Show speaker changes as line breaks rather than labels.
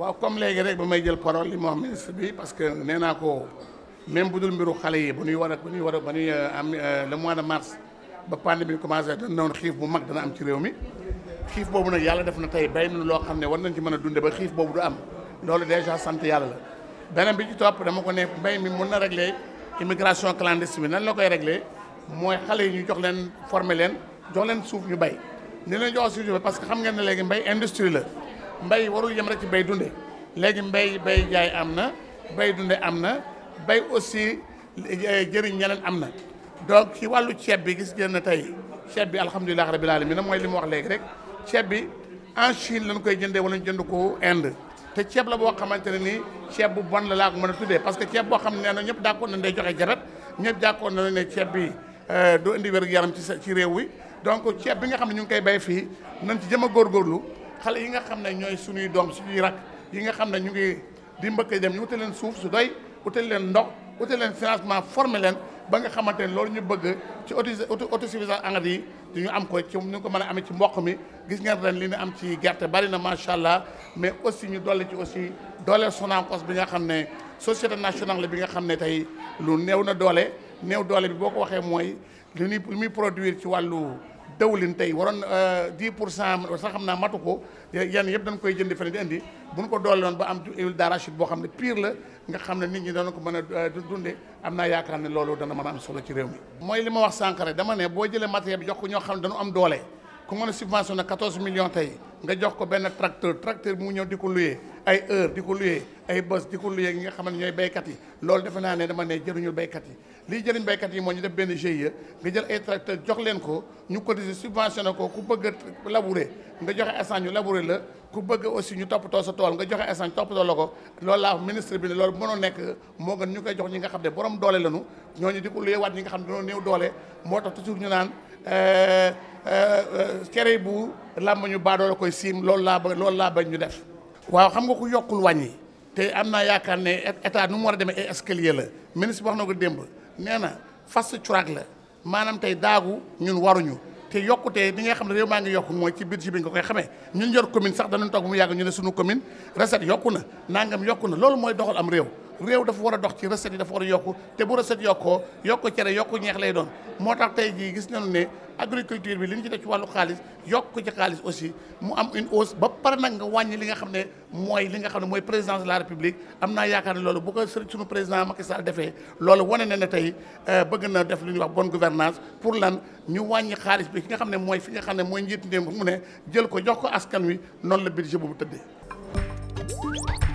waaw comme léegi rek ba may jël parole li mu wax ministre bi parce que nee naa ko même bu dul mbiru xale yi ba ñuy war a ba ñuy war a ba a euh, am euh, le mois de mars ba pandémie bi commencé dañ doon xiif bu mag dana am ci réew mi xiif boobu nag yàlla def na tey bay na loo xam ne war nañ ci mën a dunde ba xiif boobu du am loolu déjà sant yàlla la beneen bi ci topp dama ko ne mbay mi mun na régler immigration clandestine bi nan la koy régler mooy xale yi ñu jox leen former leen jox leen suuf ñu bay ni leen jox suuf ñu bay parce ngeen ne léegi mbay la mbay warul yem rek ci bay dunde léegi mbay bay jaay am na bay dunde am na bay aussi eh, jëriñ ñeneen am na donc ci wàllu ceeb bi gis ngeen ne tey ceeb bi alhamdulilah rabil alamin mooy li mu wax léegi rek ceeb bi en Chine koy jëndee wala ñu jënd ko Inde te ceeb la boo xamante ne nii ceeb bu bon la laa ko mën parce que ceeb boo xam ne nee na ñëpp d'accord nañ day joxe jarat ñëpp d'accord nañ ne ceeb bi eh, du indi wér-gu-yaram ci ci réew wi donc ceeb bi nga xam ne ñu ngi koy bay fii nañ ci jëm a góorlu xale yi nga xam ne ñooy suñuy doom suñuy rak yi nga xam ne ñu ngi di mbëkk dem ñu utal leen suuf su doy utal leen ndox utal leen financement formé leen ba nga xamante ne loolu ñu bëgg ci auto autosuffisance engrais yi di ñu am ko ci ñu ko mën a amee ci mboq mi gis ngeen ren li ñu am ci gerte barina na macha allah mais aussi ñu doole ci aussi dooleel Sonacos bi nga xam ne société nationale la bi nga xam ne tey lu néew na doole néew doole bi boo ko waxee mooy lu muy produire ci wàllu. dawlin tey waroon 10 euh, pour cent sax xam naa matu ko yan yëpp dañ koy jënd feneen di indi bu ñu ko doole woon ba am huile d'arachide boo xam ne pire la nga xam ne nit ñi dana ko mën a euh, dunde am naa yaakaar ne loolu dana mën a am solo ci réew mi. mooy li ma wax sànq dama ne boo jëlee matériel bi jox ñoo xam ne dañu am doole. ku mën a subventionné 14 millions tey nga jox ko benn tracteur tracteur bi mu ñëw di ko luyee ay heure di ko luyee ay bés di ko luyee nga xam ne ñooy béykat yi loolu defe ne dama ne jëriñul béykat yi lii jëriñ béykat yi moo ñu def benn GIE nga jël ay tracteur jox leen ko ñu cotiser subventionné ko ku bëgg a labourer nga joxe instant ñu la ku bëgg aussi ñu toppatoo sa tool nga joxe instant ñu toppatoo ko loolu laa ministre bi ne loolu mënoo nekk moo gën ñu koy jox ñi nga xam ne borom doole lañu ñooñu di ko luyee waat ñi nga xam ne dañoo néew doole moo tax toujours ñu naan Euh, euh, euh, cere bu làmb ñu baadoo koy siim loolu laa ba loolu laa ba ñu def. waaw xam nga ko yokkul wañ yi te am naa yaakaar ne état nu mu war a demee ay escalier la ministre wax na ko démb nee na fast track la maanaam tey daagu ñun waruñu. te yokkute di nga xam ne réew maa ngi yokk mooy ci budget bi nga koy xamee ñun yor commune sax danañ toog mu yàgg ñu ne suñu commune recette yokku na nangam yokku na loolu mooy doxal am réew. réew dafa war a dox ci recette yi dafa war a yokku te bu recette yokkoo yokku cere yokku ñeex lay doon moo tax tey jii gis nañu ne agriculture bi li ñu ci def ci wàllu xaalis yokku ci xaalis aussi mu am une hausse ba pare nag nga wàññi li nga xam ne mooy li nga xam ne mooy présidence de la république am naa yaakaar ne loolu bu ko suñu président Macky Sall defee loolu wane na ne tey euh, bëgg na def lu ñuy wax bonne gouvernance pour lan ñu wàññi xaalis bi ki nga xam ne mooy fi nga xam ne mooy njiit ndéem mu ne jël ko jox ko askan wi noonu la budget boobu tëddee